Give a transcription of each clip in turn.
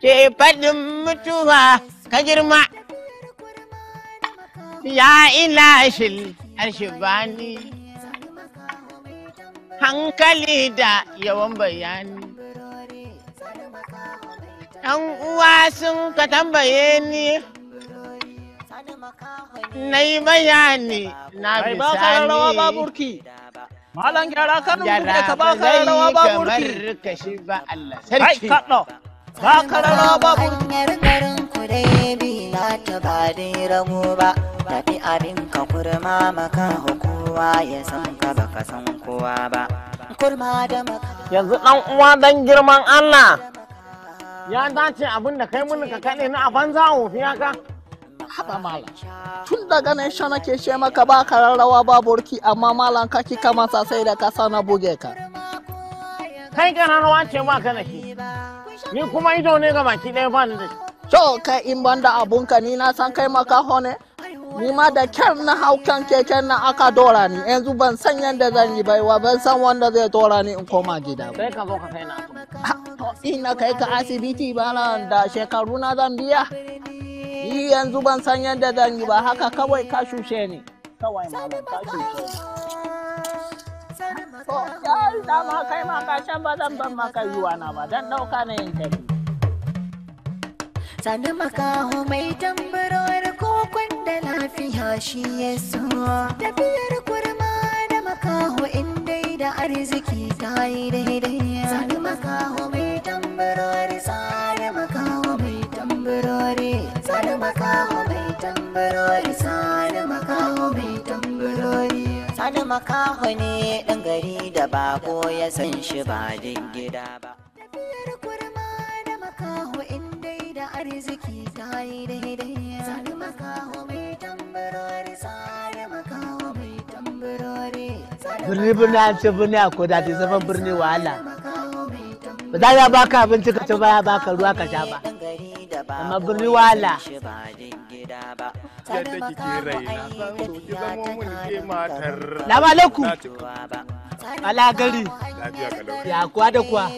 Ke faɗin mutuwa ka girma, ya ilashil arshibani, hankali da yawan bayani. ‘Yan uwa sun ka tambaye ni, na yi bayani na bisani. Malam gyara kan da ka ba ka rawa ba burki. Ka shi ba Allah sarki. Ai kaɗo. Ba ka rawa ba burki. Hanyar garin ku dai bi na ta ba dai rago ba. Tafi abin ka kurma maka kowa ya san ka ba ka san kowa ba. Kurma da maka. Yanzu ɗan uwa dan girman Allah. Ya dace abin da kai mun ka kaɗe na a banza ofiya ka. haba malam tun daga nan sha nake ce maka ba kararrawa ba burki amma malam ka kika masa sai da ka sana buge ka kai kana rawa ce ba ka shi ni kuma ido ne ga baki ɗaya ba ni da shi to kai in banda ka ni na san kai makaho ne ni ma da kyar na haukan kan keken na aka dora ni yanzu ban san yadda zan yi wa ban san wanda zai dora ni in koma gida ba. Sai ka zo ka kai na. Ina kai ka asibiti ba da shekaru na zan biya. yanzu ban san yadda zan yi ba haka kawai ka shushe ni kawai malam ka shushe ya ma kai ma ka ba zan ban maka yiwa na ba dan dauka na yin tafi sani makaho mai tambarar kokon da lafiya shi ya suwa tafiyar kurma da makaho in dai da arziki ta yi daidai tambarori sani makaho mai tambarori sani makaho ne ɗan gari da bako ya san shi ba din gida ba tafiyar kurma da makaho in dai da arziki ta yi daidai sani makaho mai tambarori sani makaho mai tambarori birni birni an ce birni a koda ta zama birni wahala ba za ya baka abinci ka ci baya baka ruwa ka sha ba amma birni wahala gida ba yadda kike raina lama laku alagari ya kuwa da kuwa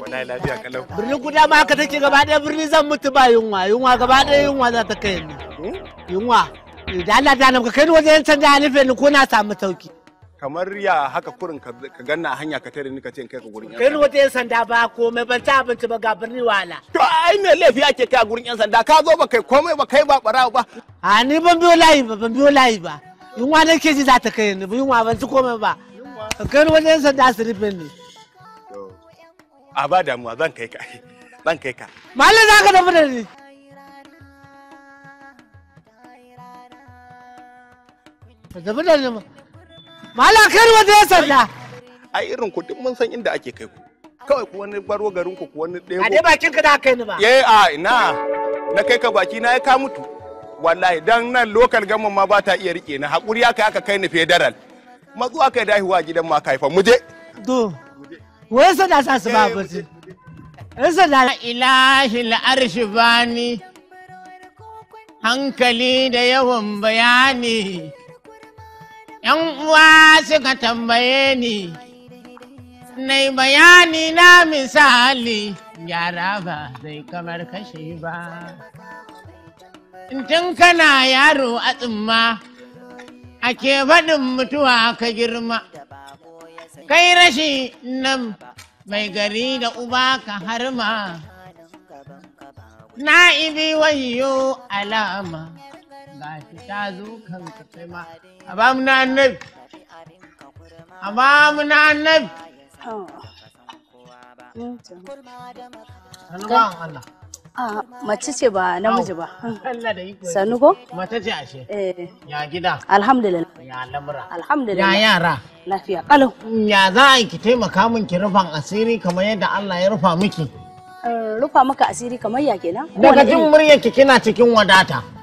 birnin guda ma haka take gaba da birni zan mutu ba yunwa yunwa gaba ɗaya yunwa za ta kai ni eh? yunwa da Allah da ka kai ni wajen canja halife ni ko na samu sauki kamar ya haka kurin ka ganna hanya ka tare ni ka ce kai ka gurin yan sanda. Kai wata sanda ba komai ban ta abinci ba ga birni wala. To ai me laifi ake kai gurin yan sanda ka zo ba kai komai ba kai ba bara ba. A ni ban biyo layi ba ban biyo layi ba. Yunwa ne ke ji za ta kai ni ba yunwa ban ci komai ba. Kai wata yan sanda su rufe ni. A ba damuwa zan kai ka. Zan kai ka. Malam za ka tafi da ni. Ka da ni ma. Mala kar waje ya sanda. A irin ku duk mun san inda ake kai ku. Kawai ku wani baro garin ku ku wani ɗebo. A dai bakin ka da kai ni ba. Eh a ina na kai ka baki na ya ka mutu. Wallahi dan nan lokal gamman ma ba ta iya rike na hakuri aka aka kai ni federal. Matsuwa kai dahiwa gidan ma ka haifa mu je. Do. Wai da sa su ba bace. In sada ilahi al'arshi bani hankali da yawan bayani. 'yan uwa suka tambaye ni nai bayani na misali yara ba zai kamar kashe ba tun kana yaro a tsumma a faɗin mutuwa ka girma kai rashi nan mai gari da uba ka harma na'ibi wayo alama gashi ta zo kanka kai ma a ba mu na a ba mu na annabi Sanuwan Allah. mace ce ba namiji ba. Allah Sanu ko? Mace ce ashe. Eh. Ya gida. Alhamdulillah. Ya lamura. Alhamdulillah. Ya yara. Lafiya kalau. Mm, ya za a yi ki taimaka min ki rufan asiri kamar yadda Allah ya rufa miki. Eh, rufa maka asiri kamar ya kenan? Daga jin muryarki kina cikin wadata.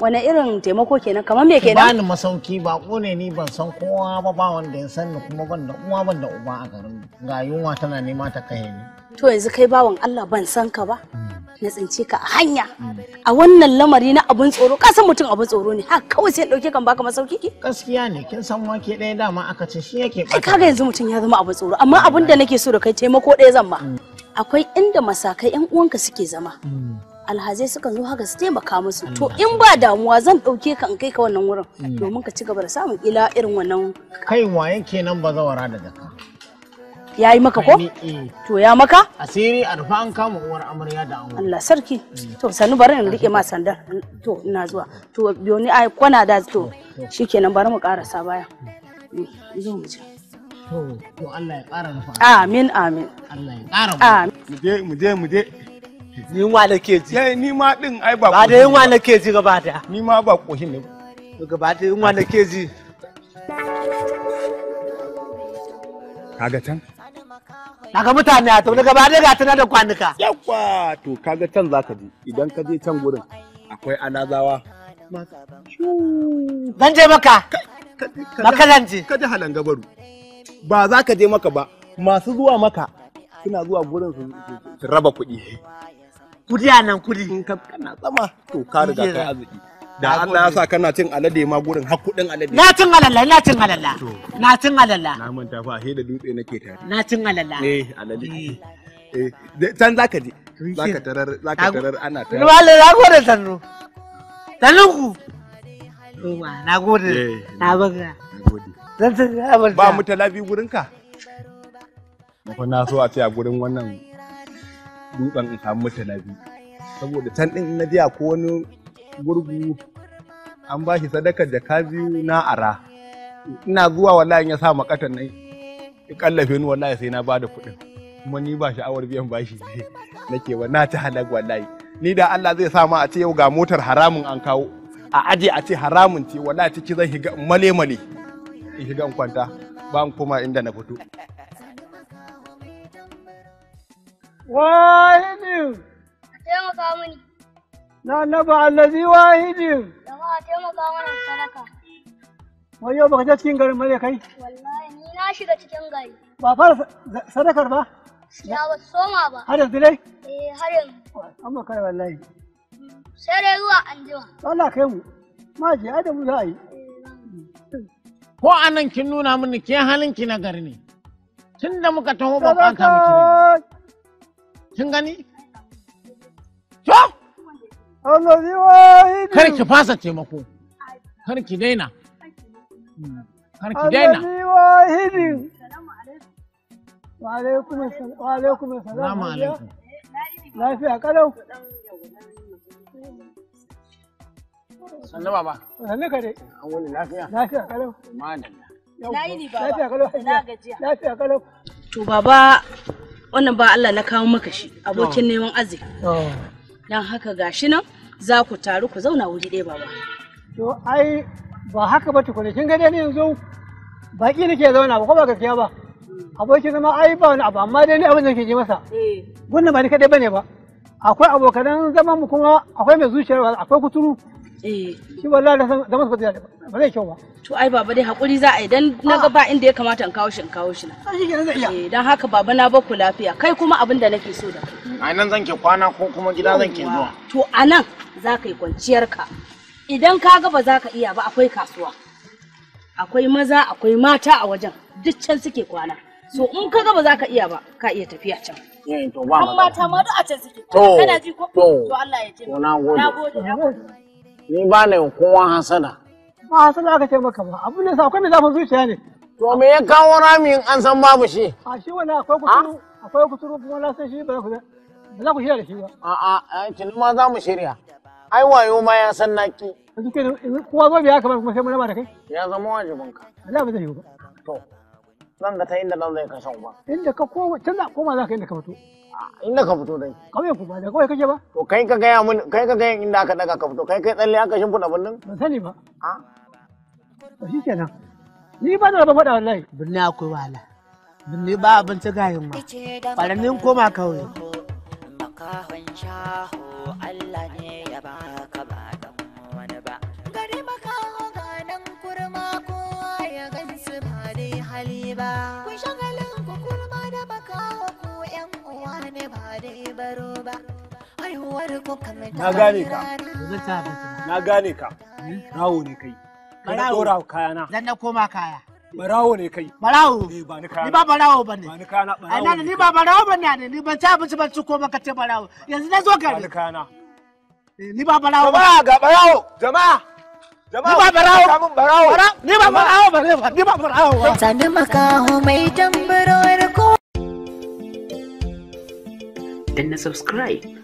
wani irin taimako kenan kamar me kenan bani masauki ba ne ni ban san kowa ba ba wanda ya sani kuma ban da uwa ban da uba a garin ga yunwa tana nema ta kai ni to yanzu kai bawan Allah ban san ka ba hmm. na tsince ka a hanya hmm. a wannan lamari na abun tsoro ka san mutum abun tsoro ne ha kawai sai dauke kan baka masauki ki gaskiya ne kin san ke ɗaya dama aka ce shi yake ba kaga yanzu mutum ya zama abun tsoro amma abun da nake so da kai taimako ɗaya zan ma hmm. akwai inda masakai yan uwanka suke zama alhazai suka zo haka su taimaka musu to in ba damuwa zan ɗauke ka in kai ka wannan wurin mm. domin ka ci gaba da samun ila irin wannan kai waye kenan ba zawara da zaka ya yi maka ko eh. to ya maka asiri arfa an kama uwar amarya da ango Allah sarki mm. to sanu bari in rike ma sandar to ina zuwa to biyo ni ai kwana da to shikenan bari mu karasa baya mm. zo mu je to to Allah ya ƙara rufa amin amin Allah ya ƙara mu je mu je mu je yunwa na ke ji ni ma din ai ba ba da yunwa na ke ji gaba da ni ma ba kohin ne gaba da yunwa na ke ji kaga can daga mutane a tabbata gaba da gatana da kwanuka yawa to kaga can ka je idan ka je can gurin akwai anazawa Zan je maka makalanje ka ji halan gabaru ba za ka je maka ba masu zuwa maka suna zuwa gurin su raba kuɗi kudi a nan kudi in ka kana sama. to ka riga kai arziki da Allah ya sa kana cin alade ma gurin har kudin alade na cin alalla na cin alalla na cin alalla na manta fa he da dutse nake tare na cin alalla eh alade eh can zaka je zaka tarar zaka tarar ana tarar wala na gode sannu sannun ku na gode eh, na baka na gode zan ba mu talabi gurin ka na so a ce a gurin wannan dutsen in samu mata na biyu saboda can ɗin na jiya ko wani gurgu an ba shi sadakar jaka biyu na ara ina zuwa wallahi ya sa makatan nan ya kallafe ni wallahi sai na ba da kuɗin kuma ni ba sha'awar biyan bashi ne nake ba na ta halag wallahi ni da Allah zai sa ma a ce yau ga motar haramun an kawo a aje a ce haramun ce wallahi ciki zan shiga male male in shiga in kwanta ba in koma inda na fito واحد taimaka taimaka mana sadaka. Wai yau baka garin ni na shiga cikin gari. Ba fara sadakar ba? Ya ba soma ba. Har yanzu Eh har yanzu. Amma wallahi. Sai dai zuwa anjima. a yi. Ko anan kin nuna mini ke halin ki na gari ne. Tunda muka taho ba ka kin gani kar ki fasa taimako kar ki daina hmm. kar ki daina wa alaikum lafiya kalau sannu baba sannu an wani lafiya lafiya kalau lafiya kalau lafiya kalau to baba wannan ba Allah na kawo maka shi abokin oh. neman arziki oh. don haka gashi nan za ku taru ku zauna wuri ɗaya baba to ai ba haka ba tukuna kin ga dai yanzu baki nake zauna ba ko ba gaskiya ba abokin zama ai ba wani abu amma dai ni abin da ke ji masa eh. wannan ba ni kadai bane ba akwai abokanan zaman mu kuma akwai mai zuciyar akwai kuturu Eh. shi wallahi da san zaman ba zai kyau ba to ai baba dai hakuri za a yi dan na ga ba ah. inda ya kamata in kawo shi in kawo shi na ah, eh dan haka baba na ba ku lafiya kai kuma abin da nake so da kai a nan zan ke kwana ko kuma gida zan ke zuwa to a nan za ka yi kwanciyar ka idan ka ga ba za ka iya ba akwai kasuwa akwai maza akwai mata a wajen duk can suke kwana so in ka ga ba za ka iya ba ka iya tafiya can eh, an mata ma duk a can suke kana ji ko to Allah ya ce na gode Ni ba na yin kowa hasada. Ba hasada aka ce maka ba, abu ne sa kwanne zafin zuciya ne. To me ya kawo rami in an san babu shi? A shi wani akwai kusuru, ah? akwai kusuru kuma na san shi ba za ku shirya da shi ba. A'a, tuni ma za mu shirya. Ai wayo ma ya san naki. Yanzu kenan kowa zo biya kamar kuma sai mu raba da kai. Ya zama wajibinka. Allah ba zai yi ba. To, zan ga ta inda nan zai ka shan ba. Inda ka koma can za koma za ka inda ka fito. Inda ka fito dai. Kauye ku ba da kauye kake ba. To kai ka gaya mun kai ka gaya inda aka daga ka fito kai kai tsalle aka shimfiɗa birnin. Ban sani ba. A. To shi kenan. Ni ba da rabon faɗa wallahi. Birni akwai wahala. Birni ba ta gayin ma. Ɓaranin koma kauye. Makahon shaho. na gane ka rawo ne kai kana dora kayana dan na koma kaya barawo ne kai barawo eh, ni ba barawo bane ba ni na barawo ni ba barawo bane ni ban ci ban ci koma ka ce barawo yanzu na zo gari ba ni eh, ni ba barawo ga barawo jama'a subscribe